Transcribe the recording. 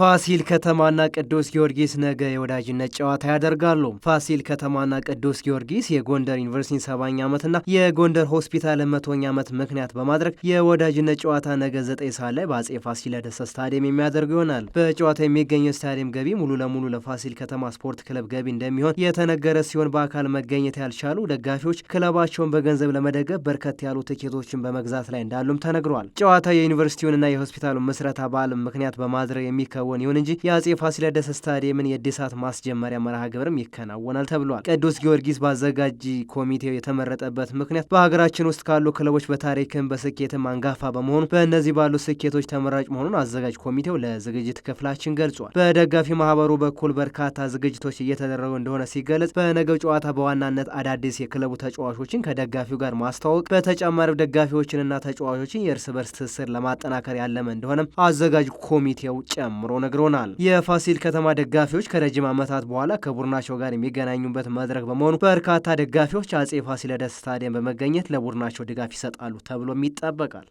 ፋሲል ከተማና ቅዱስ ጊዮርጊስ ነገ የወዳጅነት ጨዋታ ያደርጋሉ። ፋሲል ከተማና ቅዱስ ጊዮርጊስ የጎንደር ዩኒቨርሲቲ ሰባኛ ዓመትና የጎንደር ሆስፒታል መቶኛ ዓመት ምክንያት በማድረግ የወዳጅነት ጨዋታ ነገ ዘጠኝ ሰዓት ላይ በአጼ ፋሲለደስ ስታዲየም የሚያደርጉ ይሆናል። በጨዋታ የሚገኘው ስታዲየም ገቢ ሙሉ ለሙሉ ለፋሲል ከተማ ስፖርት ክለብ ገቢ እንደሚሆን የተነገረ ሲሆን በአካል መገኘት ያልቻሉ ደጋፊዎች ክለባቸውን በገንዘብ ለመደገፍ በርከት ያሉ ትኬቶችን በመግዛት ላይ እንዳሉም ተነግሯል። ጨዋታ የዩኒቨርሲቲውንና የሆስፒታሉን ምስረታ በዓል ምክንያት በማድረግ የሚከ የሚከናወን ይሁን እንጂ የአጼ ፋሲለደስ ስታዲየምን የእድሳት ማስጀመሪያ መርሃ ግብርም ይከናወናል ተብሏል። ቅዱስ ጊዮርጊስ በአዘጋጂ ኮሚቴው የተመረጠበት ምክንያት በሀገራችን ውስጥ ካሉ ክለቦች በታሪክም በስኬትም አንጋፋ በመሆኑ በእነዚህ ባሉ ስኬቶች ተመራጭ መሆኑን አዘጋጅ ኮሚቴው ለዝግጅት ክፍላችን ገልጿል። በደጋፊ ማህበሩ በኩል በርካታ ዝግጅቶች እየተደረጉ እንደሆነ ሲገለጽ በነገው ጨዋታ በዋናነት አዳዲስ የክለቡ ተጫዋቾችን ከደጋፊው ጋር ማስተዋወቅ በተጨማሪ ደጋፊዎችንና ተጫዋቾችን የእርስ በርስ ትስስር ለማጠናከር ያለመ እንደሆነም አዘጋጅ ኮሚቴው ጨምሮ ነግሮናል። የፋሲል ከተማ ደጋፊዎች ከረጅም ዓመታት በኋላ ከቡድናቸው ጋር የሚገናኙበት መድረክ በመሆኑ በርካታ ደጋፊዎች አጼ ፋሲለደስ ስታዲየም በመገኘት ለቡድናቸው ድጋፍ ይሰጣሉ ተብሎም ይጠበቃል።